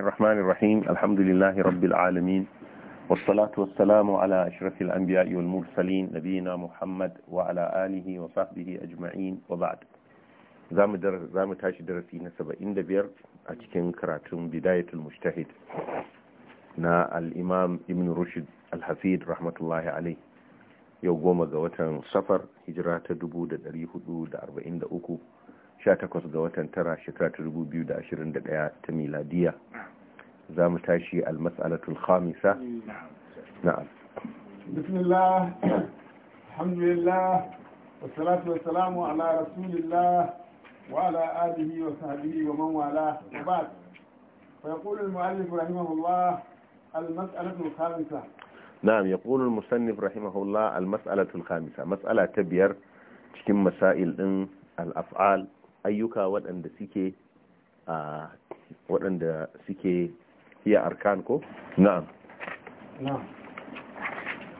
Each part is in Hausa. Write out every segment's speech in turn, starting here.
الرحمن الرحيم الحمد لله رب العالمين والصلاة والسلام على أشرف الأنبياء والمرسلين نبينا محمد وعلى آله وصحبه أجمعين وبعد زام در زام تاشي درسي نسبة إن دبير أتكن كراتون بداية المجتهد نا الإمام ابن رشد الحفيد رحمة الله عليه yau goma ga watan safar hijira ta 1443 18 ga watan tara shekara ta 2021 ta miladiya za mu tashi almas'alatul khamisa na'am bismillah alhamdulillah wassalatu wassalamu ala rasulillah wa ala alihi wa sahbihi wa man wala wa ba'd fa al-mu'allif rahimahullah al-mas'alatu al cikin masail ɗin al'af'al ayyuka waɗanda suke waɗanda suke hiya arkan ko na'am na'am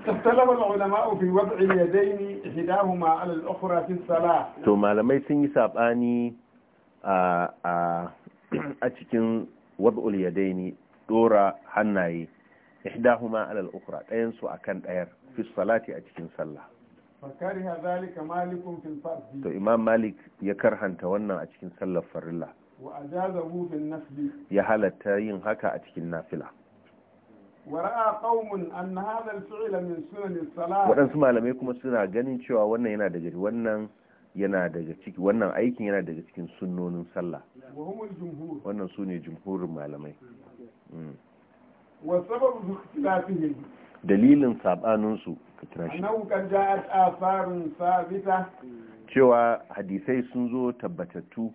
اختلف العلماء في وضع اليدين احداهما على الاخرى في الصلاه to malamai sun yi saɓani a cikin wad'ul yadaini dora hannaye ihdahuma ala al-ukhra akan dayar fi salati a cikin sallah fakariha zalika malikun fil fard to imam malik ya karhanta wannan a cikin sallar farilla ya halatta yin haka a cikin nafila waɗansu malamai kuma suna ganin cewa wannan yana daga wannan yana daga ciki wannan aikin yana daga cikin sunnonin sallah wannan su ne jumhurin malamai mm. dalilin saɓaninsu ka tana shi cewa hadisai sun zo tabbatattu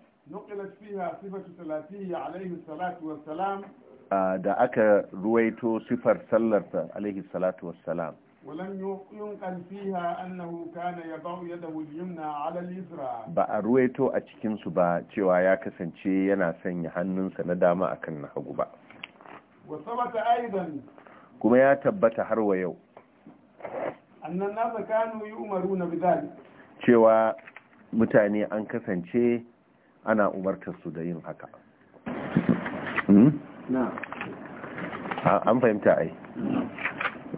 da aka ruwaito sifar sallarsa alaihi salatu wassalam ولم ينقل فيها كان يضع يده اليمنى على اليسرى ba a ruwaito a cikin su ba cewa ya kasance yana sanya hannunsa na dama akan na hagu ba wa sabata aidan kuma ya tabbata har wa yau annan nasa kanu yu'maruna bidhalik cewa mutane an kasance ana umartar su da yin haka hmm? an fahimta ai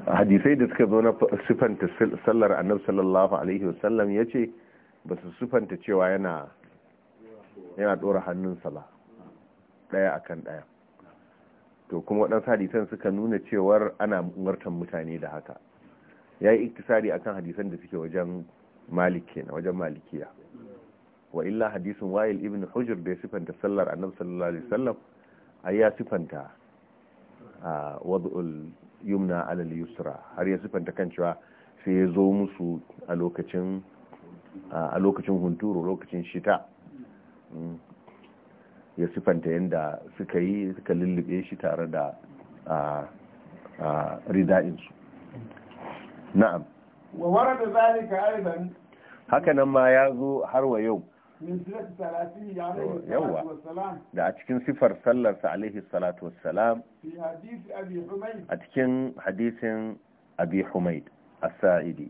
hadisai da suka zo na sufanta sallar annabi sallallahu alaihi wasallam ya ce ba su sufanta cewa yana dora hannun hannunsa ba ɗaya akan ɗaya to kuma waɗansu hadisan suka nuna cewar ana umartar mutane da haka ya yi iktisari akan hadisan da suke wajen maliki na wajen malikiya wa illa hadisin wayil ibn hujr da ya sifanta sallar annabi sallallahu alaihi wasallam ai ya sifanta a wad'ul yumna ala al-yusra har ya sifanta kan cewa sai ya zo musu a lokacin a lokacin hunturu lokacin shita mm. ya sifanta yadda suka yi suka lullube shi tare da su na'am وورد ذلك أيضا هكذا ما يازو حرو يوم من سنة ثلاثين عليه الصلاة والسلام ده أتكن سفر صلى عليه الصلاة والسلام في حديث أبي حميد أتكن حديث أبي حميد السائدي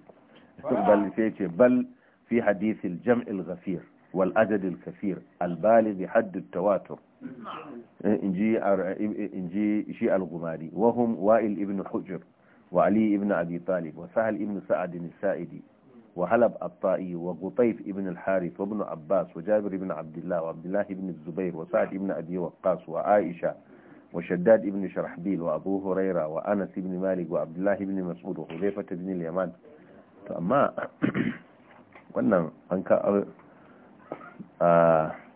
بل فيك بل في حديث الجمع الغفير والعدد الكثير البالغ حد التواتر نعم. إنجي إنجي شيء الغماري وهم وائل ابن حجر wa aliyu ibn abi talib wa sahal ibn sa'ad as-sa'idi wa halab at wa qutayf ibn al wa ibn abbas wa jabir ibn abdullah wa abdullah ibn zubair wa sa'd ibn abi waqqas wa aisha wa shaddad ibn sharhbil wa abu huraira wa anas ibn malik wa abdullah ibn mas'ud wa hudayfa ibn al-yaman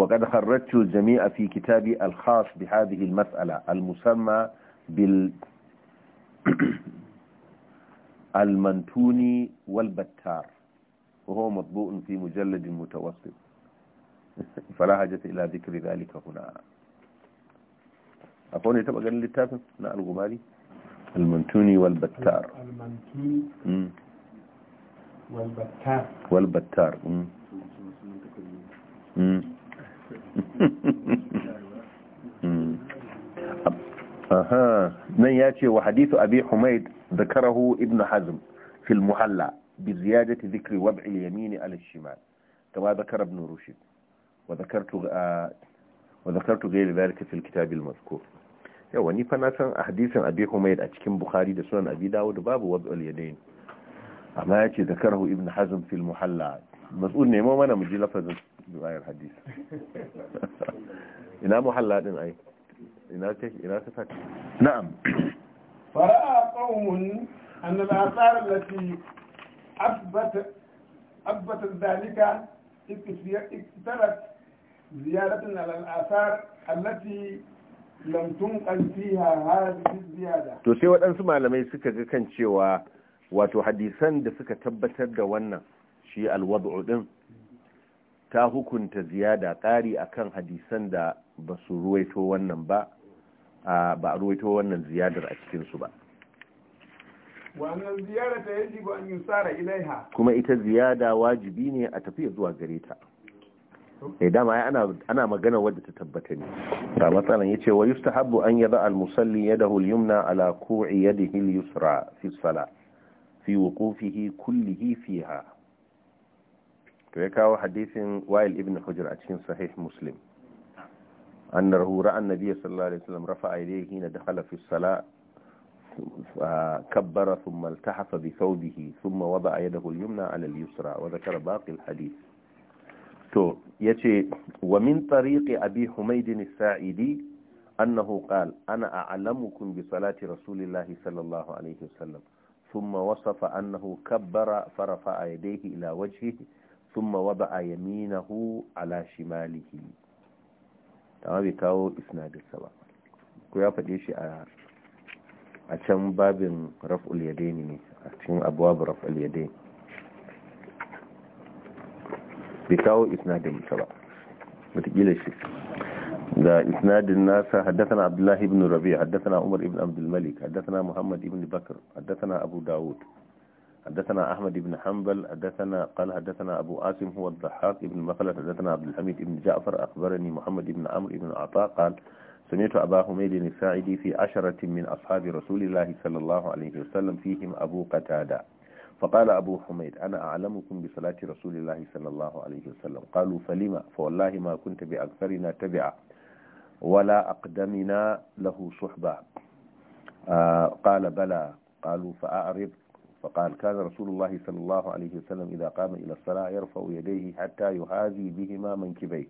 وقد خرجت الجميع في كتابي الخاص بهذه المسألة المسمى بال المنتوني والبتار وهو مطبوع في مجلد متوسط فلا حاجة إلى ذكر ذلك هنا أقول تبقى قال للتافه لا الغمالي المنتوني والبتار المنتوني والبتار والبتار مم. مم. nan ya ce wa hadithu abi humaid da karahu ibn hazm fil muhalla bi ziyadati zikri wab'il yamin ala shimal kama da karab nuru shi wa zakartu ga yi zarika fil kitab al mazkur yau wani fa na san a abi humaid a cikin bukhari da sunan abi dawud da babu wab'il yadain amma ya ce da karahu ibn hazm fil muhalla mas'ul nemo mana mu ji lafazin du'ayar hadis ina muhalla din ai ina ina na'am an al-athar allati abbat abbat dhalika iktarat ziyadatan al-athar allati lam tunqal fiha hadhihi ziyada to sai waɗansu malamai suka ga kan cewa wato hadisan da suka tabbatar da wannan shi alwad'u din ta hukunta ziyada ƙari akan hadisan da ba su ruwaito wannan ba ba a ruwaito wannan ziyadar a cikinsu ba wannan an yi tsara ilaiha kuma ita ziyada wajibi ne a tafiya zuwa gare ta eh dama ya ana magana wadda ta tabbata ne ba matsalan ce wa yustahabbu an yada al musalli ya da yumna ala ku'i yadihi al yusra fi sala fi wuqufihi kulli fiha to ya kawo hadisin wa'il ibn hujr a cikin sahih muslim an na rahura an sallallahu alaihi na da halafi sala kabbara sun malta hafa bi sau bihi sun ma waba a yadda hulyum na alal yusra wa zakar baƙil hadis to ya ce wa min tariƙi abi humaidin sa'idi annahu qal ana a'lamukum bi salati rasulillahi sallallahu alaihi wasallam ثم وصف أنه كبر فرفع يديه إلى وجهه ثم وضع يمينه على شماله تمام بكاو إسناد السبع كويا shi a can babin raf'ul yadaini ne a cikin abuwa raf'ul yadaini bai kawo isnadin ta ba watakila shi da isnadin nasa haddathana abdullahi ibn rabi haddathana umar ibn abdul malik haddathana muhammad ibn bakr haddathana abu dawud حدثنا أحمد بن حنبل حدثنا قال حدثنا أبو آسم هو الضحاك بن مخلة حدثنا عبد الحميد بن جعفر أخبرني محمد بن عمرو بن عطاء قال سمعت أبا حميد الساعدي في عشرة من أصحاب رسول الله صلى الله عليه وسلم فيهم أبو قتادة فقال أبو حميد أنا أعلمكم بصلاة رسول الله صلى الله عليه وسلم قالوا فلما فوالله ما كنت بأكثرنا تبعا ولا أقدمنا له صحبة آه قال بلى قالوا فأعرض فقال كان رسول الله صلى الله عليه وسلم إذا قام إلى الصلاة يرفع يديه حتى يهازي بهما منكبيه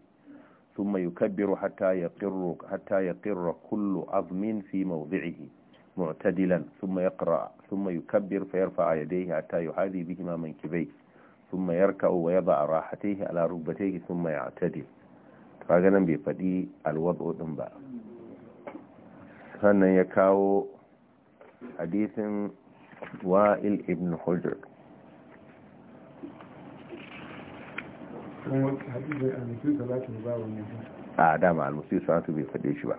ثم يكبر حتى يقر حتى يقر كل عظم في موضعه معتدلا ثم يقرأ ثم يكبر فيرفع يديه حتى يهازي بهما منكبيه ثم يركع ويضع راحتيه على ركبتيه ثم يعتدل فقال بفدي الوضع faɗi alwado يكاو حديث wa'il ibn hujjar a dama almusi salatu bai faɗe shi ba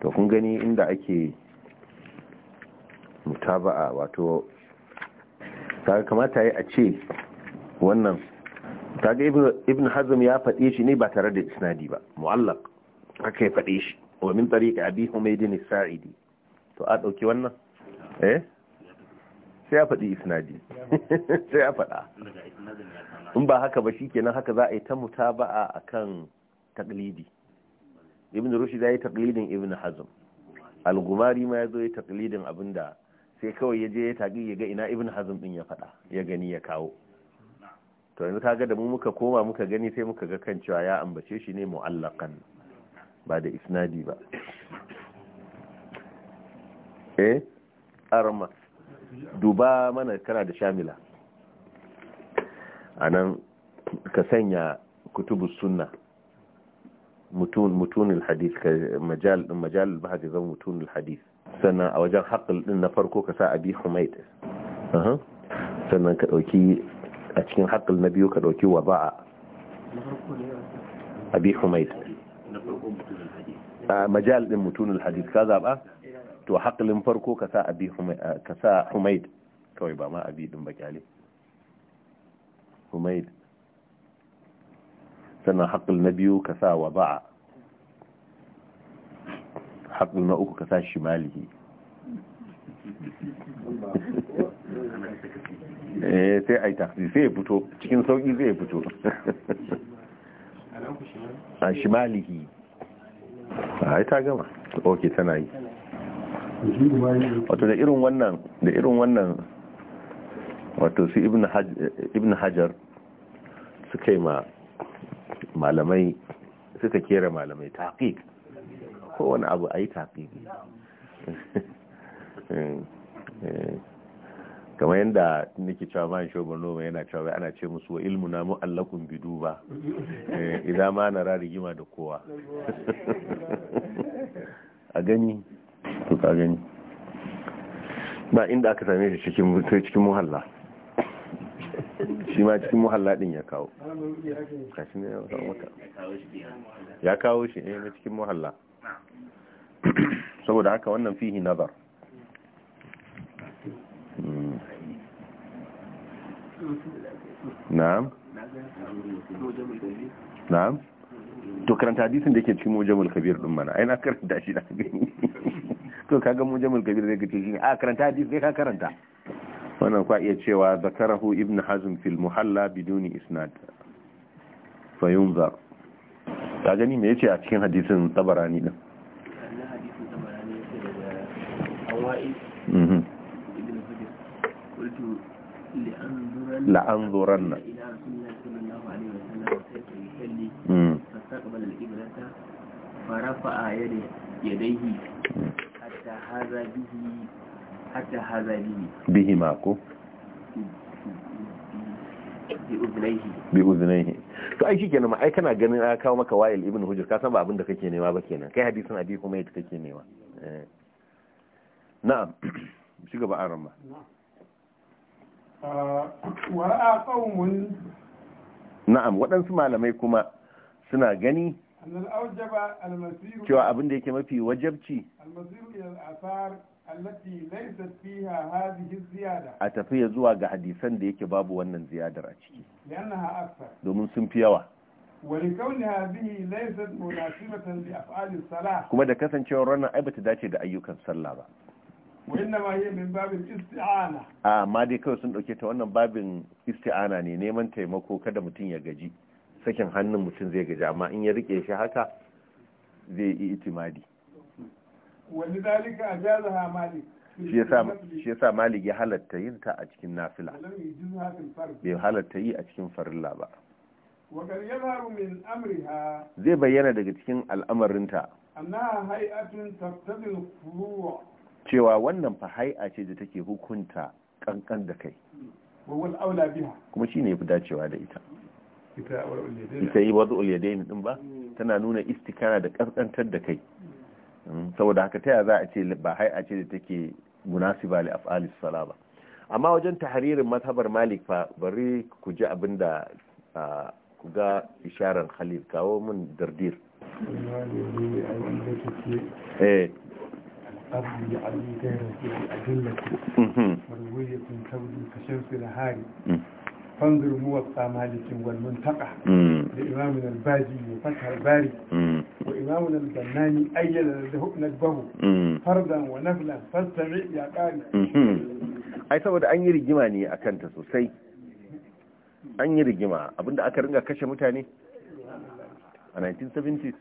to kun gani inda ake mutaba'a wato ta kamata yi a ce wannan ta ga ibn hazm ya faɗe shi ne ba tare da isnadi ba mu'allak haka ya faɗe shi wa min tsari ka abi humaydin sa'idi to a ɗauki wannan eh sai ya faɗi isnadi sai ya faɗa in ba haka ba shi shikenan haka za a yi ta mutaba'a akan taklidi ibn rushd ya yi taklidin ibn hazm al-gumari ma ya zo ya taklidin abinda sai kawai ya je ya tagi ya ga ina ibn hazm din ya faɗa ya gani ya kawo to yanzu kaga da mu muka koma muka gani sai muka ga kan cewa ya ambace shi ne mu'allakan ba da isnadi ba eh Armas. duba mana kana da shamila a nan ka sanya kutubu sunna mutunin hadith ka ba bahari zan mutunin hadith sannan a wajen haƙil ɗin na farko ka sa abi humait sannan ka ɗauki a cikin haƙil na biyu ka ɗauki wa ba'a abi humaid majal din mutunin hadith ka zaɓa to haƙalin farko ka sa abi eh, ka sa humaid kawai ba ma abi din bakyale humaid sannan haƙal na biyu ka sa wa ba'a haƙal na uku ka sa shimalihi eh sai ai taksi sai ya fito cikin sauki zai fito a shimalihi a ta gama ok tana yi wato da irin wannan da irin wannan wato su ibn hajar suka yi ma malamai suka kera malamai taƙiƙ Wani abu a yi taƙiƙi kamar yadda nake cewa shi obin noma yana cewa ana ce musu wa ilmu na mu'allakun bidu ba eh, idan ma na rigima da kowa a gani to ka gani ba inda aka same shi cikin cikin muhalla shi ma cikin muhalla din ya kawo ya kawo shi ne eh, na cikin muhalla saboda haka wannan fihi nazar hmm. na'am na'am to karanta hadisin da yake cikin mujamul kabir din mana ai na karanta shi da gani to kaga mu jamal kabir zai gace shi a ah, karanta hadisi sai ka karanta wannan kwa iya cewa zakarahu ibnu hazm fil muhalla biduni isnad fa yunzar ta gani me yace a cikin hadisin tabarani din لأنظرن فاستقبل القبلة فرفع يديه bihima ko bi uznaihi to ai shi kenan ai kana ganin ya kawo maka Wayil ibn hujr ka san ba abin da kake nema ba kenan kai hadisin abi kuma yadda kake nema na'am shi gaba an ramba wara'a qaumun na'am waɗansu malamai kuma suna gani cewa abin da yake mafi wajabci a tafiya zuwa ga hadisan da yake babu wannan ziyadar a ciki domin sun fi yawa kuma da kasancewar ranar ai bata dace da ayyukan sallah ba amma dai kawai sun dauke ta wannan babin isti'ana ne neman taimako kada mutum ya gaji sakin hannun mutum zai gaji amma in ya rike shi haka zai yi itimadi wani dalika a ha malik shi yasa malik ya halatta yin ta a cikin nafila bai halatta yi a cikin farilla ba zai bayyana daga cikin al'amarinta cewa wannan fa hai'a ce da take hukunta kankan da kai kuma shi ne ya fi dacewa da ita ita yi wadu ulyadaini din ba tana nuna istikara da kaskantar da kai mm, saboda haka ta za a ce ba hai ce da take ba li af'alis sala ba amma wajen tahririn mazhabar malik fa bari ku ji abinda ku ga isharar khalil kawo min dardir eh الأرض يعلي غير في الأدلة والوجه تولي كشمس الهاري فانظر موطا مالك والمنتقى لإمامنا الباجي وفتح الباري وإمامنا البناني أيد له نجبه فردا ونفلا فاستمع يا قاري ai saboda an yi rigima ne a kanta sosai an yi rigima abinda aka ringa kashe mutane a 1970s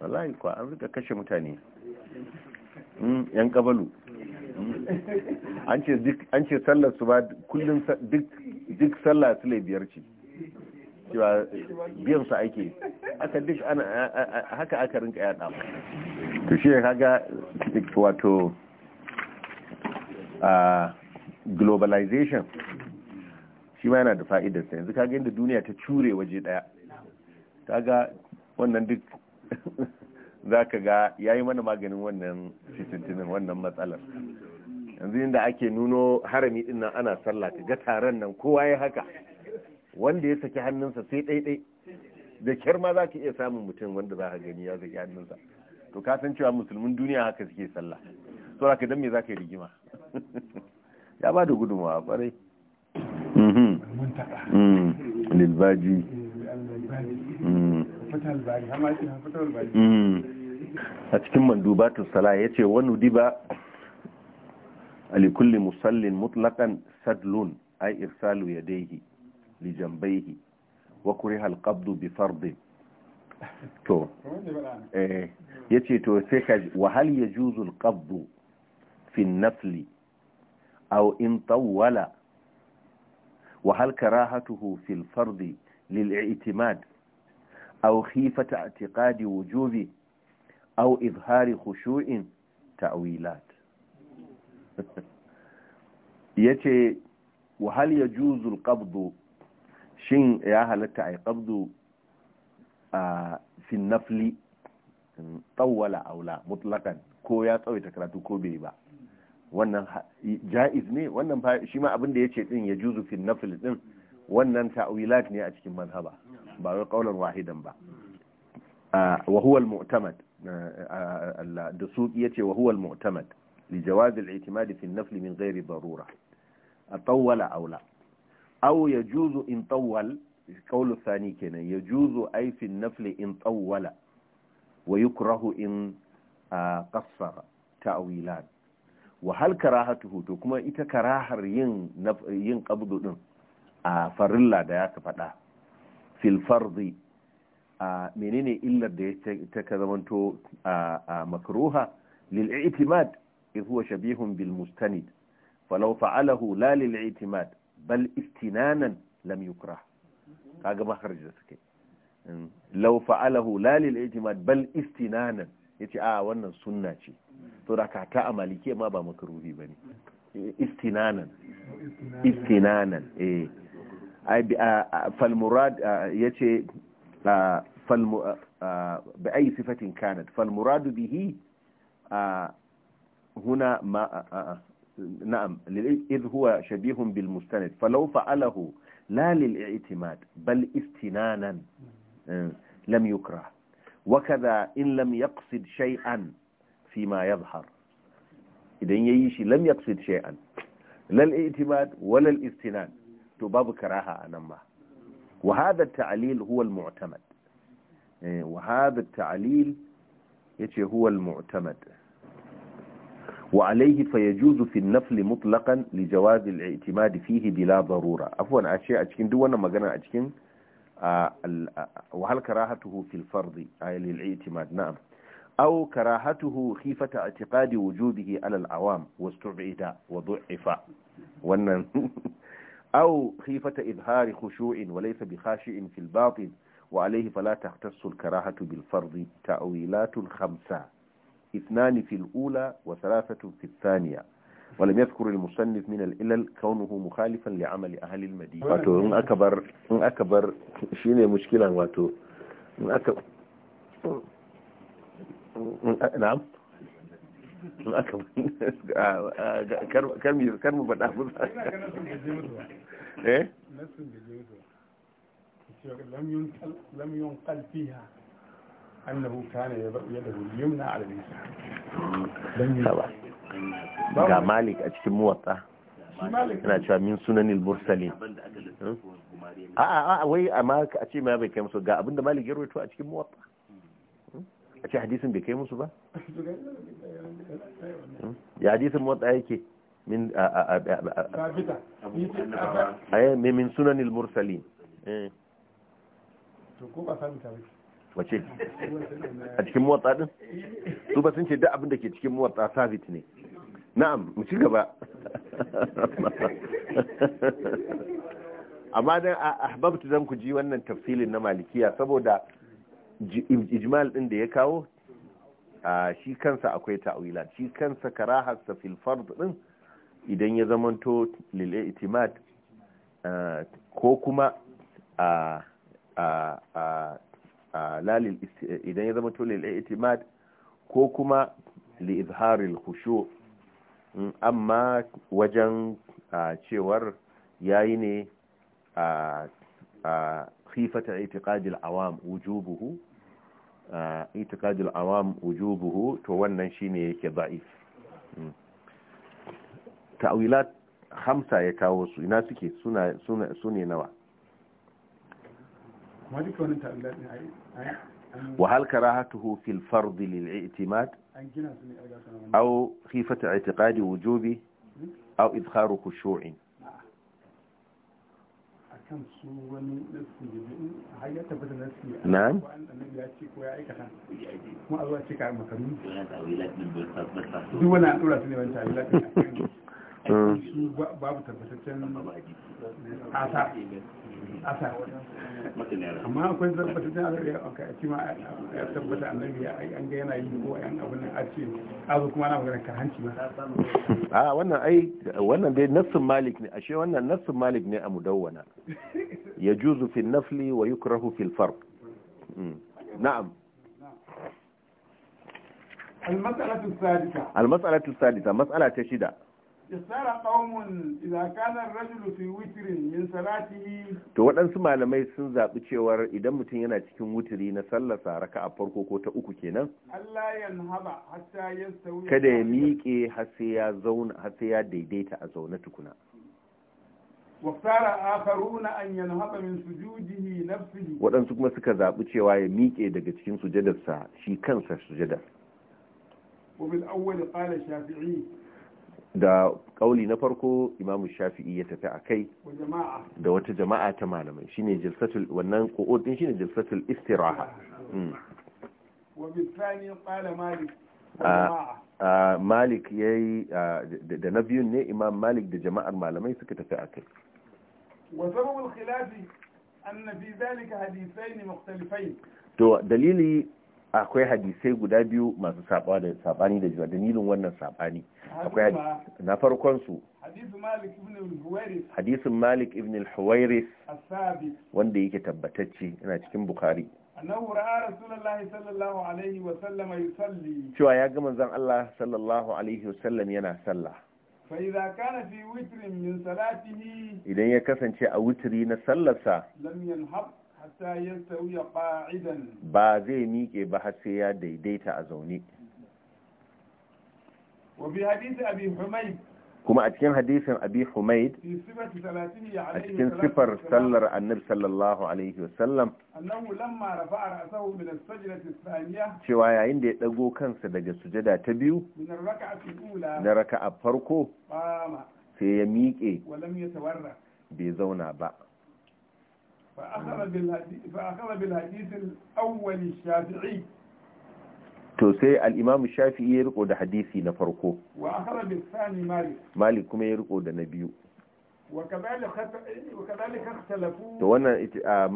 wallahi kuwa an ringa kashe mutane yan kabalu an ce sallar su ba kullum duk duk sallah sule biyar ce cewa biyan su ake aka duk ana haka aka rinka dama to shi kaga wato a globalization shi ma yana da fa'idar sa yanzu kaga yadda duniya ta cure waje daya kaga wannan duk za ka ga ya yi mana maganin wannan fitintinin wannan matsalar yanzu inda ake nuno harami din nan ana sallah ka ga taron nan kowa ya haka wanda ya saki hannunsa sai dai da kyar ma zaka iya samun mutum wanda zaka gani ya saki hannunsa to ka san cewa musulmin duniya haka suke sallah to ka dan me zaka yi rigima ya ba da gudunmawa ƙwarai mhm. mhm. lilbaji mhm. a cikin manduba sala ya ce wani diba لكل مصل مطلقا سدل أي إرسال يديه لجنبيه وكره القبض بفرض تو إيه yace وهل يجوز القبض في النفل أو إن طول وهل كراهته في الفرض للاعتماد أو خيفة اعتقاد وجوبه أو إظهار خشوع تأويلات ya ce wahal ya juzul qabdu shin ya halatta a yi ƙabdu a finnafli tsawwala aula mutlakan ko ya tsawaita karatu ko bai ba wannan ja'iz ne wannan shi ma abin da ya ce din ya juzu finnafli ɗin wannan ta'wilat ne a cikin manhaba ba wai ƙaunar wahidan ba wa huwa mutamad da su yace wa wahuwal mutamad li jawazil itimadi fi nafli min ghairi darura a tawwala aula aw yajuzu in tawwal qawlu sani kenan yajuzu ay aifin nafli in tawwala wa yukrahu in qassara ta'wilan wa hal karahatuhu to kuma ita karahar yin yin qabdu din a farilla da ya ka fada fil fardi a menene illar da ta ka zamanto a makruha lil i'timad idh huwa shabihun bil mustanid falau fa'alahu la lil i'timad bal istinanan lam yukrah kaga maharji da suke mm. law fa'alahu la lil i'timad bal istinanan yace a wannan sunna ce to da ka ta amalike ma ba makruhi bane istinanan istinanan eh fal murad yace fal bi ayi sifatin kanat fal muradu bihi هنا ما نعم إذ هو شبيه بالمستند فلو فعله لا للاعتماد بل استنانا آه، لم يكره وكذا إن لم يقصد شيئا فيما يظهر إذا يشي لم يقصد شيئا لا الاعتماد ولا الاستنان تباب كراها أنما وهذا التعليل هو المعتمد آه، وهذا التعليل يتي هو المعتمد وعليه فيجوز في النفل مطلقا لجواز الاعتماد فيه بلا ضرورة عفوا أشياء اشكين دوانا قنا اشكين آه، آه، وهل كراهته في الفرض أي آه، للاعتماد نعم أو كراهته خيفة اعتقاد وجوده على العوام واستبعد وضعف ونن أو خيفة إظهار خشوع وليس بخاشع في الباطن وعليه فلا تختص الكراهة بالفرض تأويلات خمسة اثنان في الأولى وثلاثة في الثانية ولم يذكر المصنف من الإلل كونه مخالفا لعمل أهل المدينة واتو إن أكبر إن أكبر شين مشكلة واتو إن نعم. أكبر نعم in ايه لم ينقل لم ينقل فيها annahu kana yadda yumna ala ga malik a cikin muwatta yana cewa min sunanil mursalin a a wai amma a ce ma bai kai musu ga abinda malik ya rawaito a cikin muwatta a ce hadisin bai kai musu ba ya hadisin muwatta yake min a a mursalin a a a a a wace a cikin muwatsa din su ba sun ce duk abin da ke cikin motsa sabit ne na'am mu ci gaba amma dan ahbabtu zan ku ji wannan tafsilin na malikiya saboda ijmal din da ya kawo shi kansa akwai ta'wila shi kansa karahar sa fil fard din idan ya zamanto lil itimad ko kuma a a lalil idan ya zama to lil i'timad ko kuma li izharil khushu mm, amma wajen cewar yayi ne a khifata i'tiqadil awam wujubuhu i'tiqadil awam wujubuhu to wannan shine yake da'if mm. ta'wilat hamsa ya kawo su ina suke suna sune nawa ta'wilat ne وهل كراهته في الفرض للاعتماد أو خيفة اعتقاد وجوبه أو إدخار خشوع نعم su babu tabbataccen asa asa amma akwai tabbataccen alabi a cima ya tabbata annabi an ga yana yi ko yan abin nan a ce azu kuma na magana kan hanci ba a wannan ai wannan dai nassin malik ne ashe wannan nassin malik ne a mudawwana yajuzu fi nafli wa yukrahu fil farq hmm. na'am المسألة السادسة المسألة السادسة مسألة شدة اختصار قوم إذا كان الرجل witirin, وتر من to waɗansu malamai sun zaɓi cewar idan mutum yana cikin wuturi na sallar saraka a farko ko ta uku kenan kada ya miƙe har sai ya daidaita a zaune tukuna waɗansu kuma suka zaɓi cewa ya miƙe daga cikin sujadarsa shi kansa sujadar da kauli na farko imam shafi'i ya tafi a kai da wata jama'a ta malamai shine jilsatul wannan qu'ud din shine jilsatul istiraha mm. ah, ah, malik yayi ah, da na biyun ne imam malik da jama'ar malamai suka tafi a kai to dalili akwai hadisai guda biyu masu sabani da juna dalilin wannan sabani akwai na farkon su hadisin malik ibn al-huwairis wanda yake tabbatacce yana cikin bukhari annahu ra'a rasulullahi sallallahu alaihi wa sallam yusalli cewa ya ga manzon Allah sallallahu alaihi wa sallam yana sallah fa idza kana fi witrin min salatihi idan ya kasance a witri na sallarsa lam yanhab ba zai miƙe ba har sai ya daidaita a zaune kuma a cikin hadisin abi humaid a cikin sifar sallar annab sallallahu alaihi wasallam cewa yayin da ya ɗago kansa daga sujada ta biyu na raka a farko sai ya miƙe bai zauna ba فأخذ بالحديث الأول الشافعي to sai al-imam shafi'i ya riko da hadisi na farko malik kuma ya riko da na biyu wa to wannan a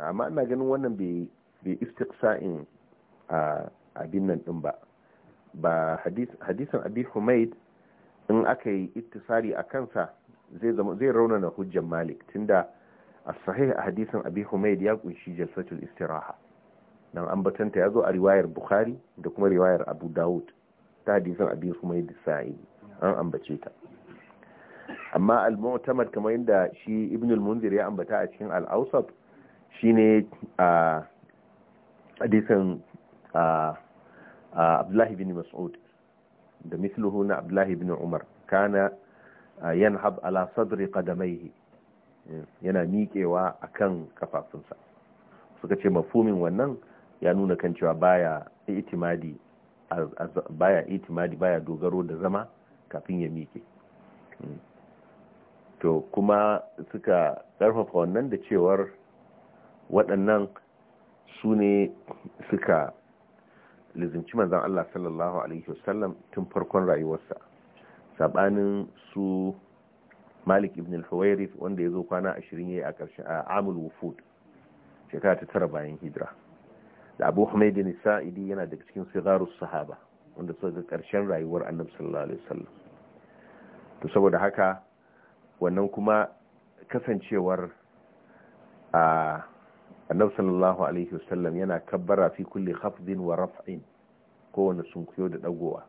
amma ina ganin wannan bai istiqsa'in a abin nan din ba ba hadisan abi humaid in aka yi ittisari a kansa zai zama zai raunana hujjar malik tunda a sahih a hadisin abi humaid ya kunshi jalsatul istiraha dan ambatanta ya zo a riwayar bukhari da kuma riwayar abu dawud ta hadisin abi humaid sa'idi an ambace ta amma al-mu'tamad kamar yadda shi ibn al-munzir ya ambata a cikin al-awsat shine a hadisin abdullahi bin mas'ud da misluhu na abdullahi bin umar kana yanhab ala sadri qadamaihi yana miƙewa akan kafafunsa suka ce mafumin wannan ya nuna kan cewa baya itimadi baya itimadi baya dogaro da zama kafin ya miƙe to kuma suka ƙarfafa wannan da cewar waɗannan su ne suka lizinci manzan Allah sallallahu Alaihi wasallam tun farkon rayuwarsa sabanin su malik ibn al-huwairith wanda ya zo kwana 20 yayi a ƙarshen amul wufud shekara ta tara bayan hijira da abu hamaidin sa'idi yana daga cikin sigaru sahaba wanda suka ga ƙarshen rayuwar annabi sallallahu alaihi wasallam to saboda haka wannan kuma kasancewar a annabi sallallahu alaihi wasallam yana kabbara fi kulli khafdin wa raf'in kowane sunkuyo da dagowa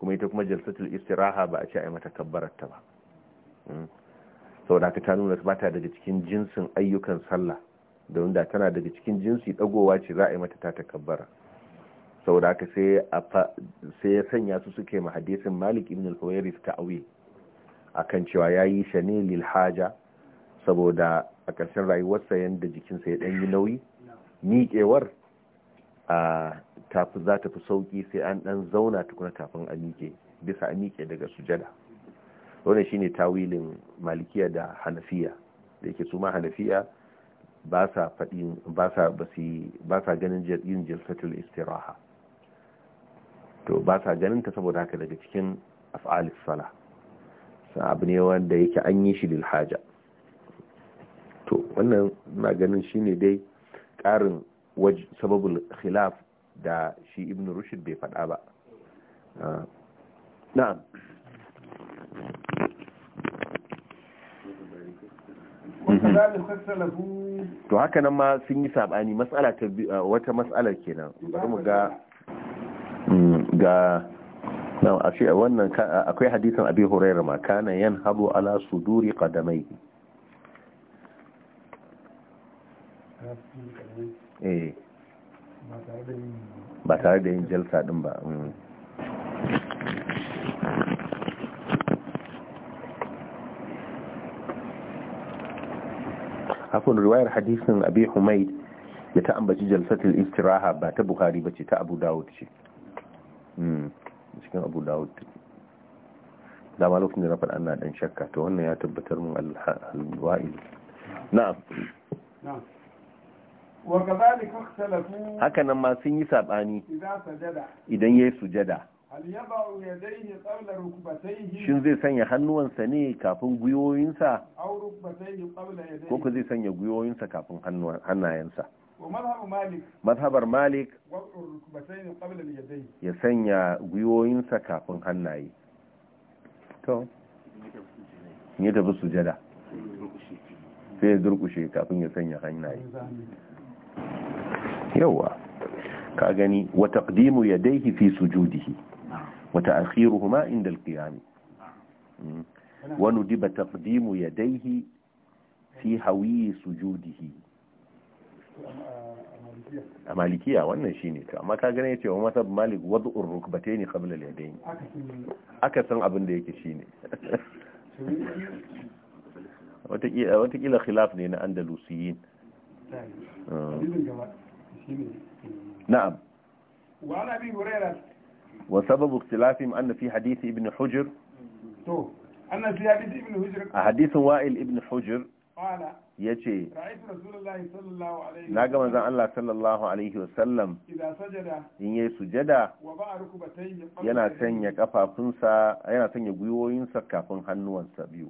kuma ita kuma jalsatul istiraha ba a ce a yi mata kabbarar ta ba hmm. saboda ka ta nuna ba ta daga cikin jinsin ayyukan sallah da wanda tana daga cikin jinsi dagowa ce za a yi mata ta takabbara saboda sai sai ya sanya su suke ma hadisin Malik ibn al-Huwairis ta'awi akan cewa yayi shi ne lil haja saboda a ƙarshen rayuwarsa yanda jikinsa ya dan yi nauyi miƙewar tafi za ta fi sauƙi sai an ɗan zauna tukuna kafin a miƙe bisa amike miƙe daga sujada wannan shine tawilin malikiya da hanafiya da yake su ma hanafiya ba sa ganin yin jalsatul istiraha to ba sa ganin ta saboda haka daga cikin af'alis sala sa abu ne wanda yake an yi shi lil haja to wannan na ganin shine dai ƙarin sababul khilaf da shi ibn rushd bai faɗa ba ah. na'am mhm. to haka nan ma sun yi sabani matsala ta ah, wata matsalar kenan bari mu ga mm, ga na a shi wannan akwai hadisin abi hurairah ma kana yanhabu ala suduri qadamaihi eh ba tare da yin jalsa din ba hakun riwayar hadisin abi humaid da ta ambaci jalsatul istiraha ba ta bukhari ba ce ta abu dawud ce cikin abu dawud dama lokacin da na faɗa ana ɗan shakka to wannan ya tabbatar mun alwa'il na'am haka nan ma sun yi saɓani idan ya yi sujada shin zai sanya hannuwansa ne kafin gwiwoyinsa ko ku zai sanya gwiwoyinsa kafin hannayensa mazhabar malik ya sanya gwiwoyinsa kafin hannaye to ya tafi sujada sai ya durkushe kafin ya sanya hannaye yawa ka gani wa taqdimu yadayhi fi sujudihi wa ta'khiruhuma inda al-qiyam mm. wa nudiba taqdimu yadayhi fi hawi sujudihi a malikiya wannan shine to amma ka gane wa masab malik wad'ur rukbatayn qabla al-yadayn aka san abin da yake shine wata kila khilaf ne na andalusiyin نعم وعن أبي هريرة وسبب اختلافهم أن في حديث ابن حجر أن في حديث ابن حجر حديث وائل ابن حجر قال يجي رأيت رسول الله صلى الله عليه وسلم ناقم أن الله صلى الله عليه وسلم إذا سجد إن يسجد وبع ركبتين ينا سنيا كفافنسا ينا سنيا قيوينسا كفن هنوانسا بيو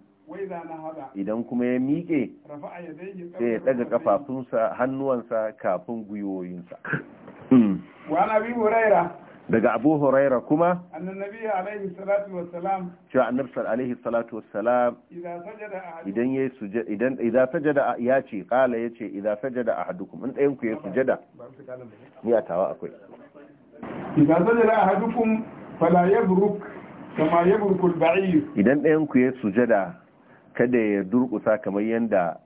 idan kuma ya miƙe sai ya ɗaga ƙafafunsa hannuwansa kafin gwiwoyinsa huraira daga abu huraira kuma annabi alaihi salatu wassalam idan ya idan idan sajada ya ce kala ya ce idan sajada a hadukum in ɗayan ku ya sujada ni a tawa akwai idan sajada a hadukum fala yabruk kama yabrukul ba'ir idan ɗayan ku ya sujada kada ya durkusa kamar yadda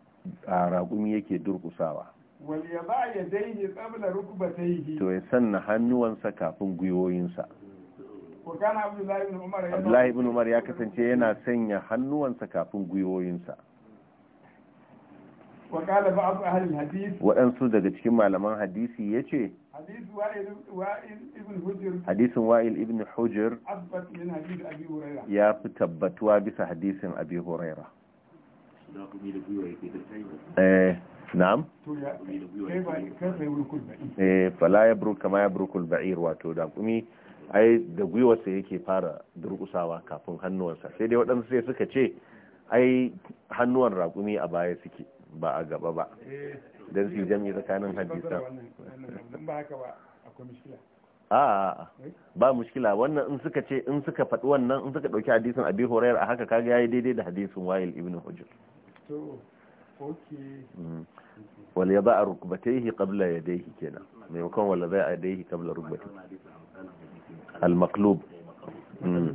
a raƙumi yake durkusawa to ya sanna hannuwansa kafin gwiwoyinsa abdullahi ibn umar ya kasance yana sanya hannuwansa kafin gwiwoyinsa waɗansu daga cikin malaman hadisi ya ce hadisin wa'il ibn hujjar ya fi tabbatuwa bisa hadisin abi huraira na'am fala ya buru kama ya buru kulba'ir wato da kumi ai da gwiwarsa yake fara durkusawa kafin hannuwansa sai dai waɗansu sai suka ce ai hannuwan raƙumi a baya suke ba a gaba ba don su jami tsakanin hadisan a'a ba mushkila wannan in suka ce in suka faɗi wannan in suka ɗauki hadisin abi horayar a haka kaga yayi daidai da hadisin wayil ibn hujr mm. wal ya ba'a rukbatayhi qabla yadayhi kenan maimakon wala a yadayhi qabla rukbatayhi al maqlub mm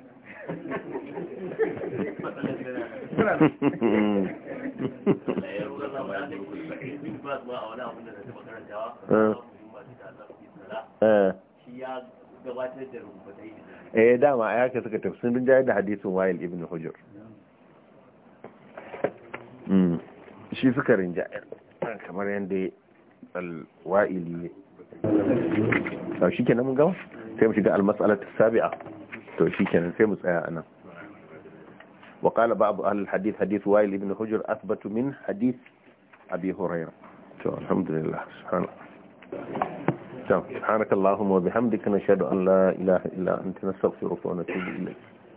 Eh, eh dama a yaka suka tafi sun rinjaye da hadisin wayil ibn hujur mm. shi suka rinjaye kamar yadda al-wa'ili ne shi ke mun gama sai mu shiga al-mas'alatu sabi'a to كان kenan sai أنا وقال بعض أهل الحديث حديث وائل بن حجر أثبت من حديث أبي هريرة الحمد لله الله سبحانك اللهم وبحمدك نشهد أن لا إله إلا أنت نستغفرك ونتوب إليك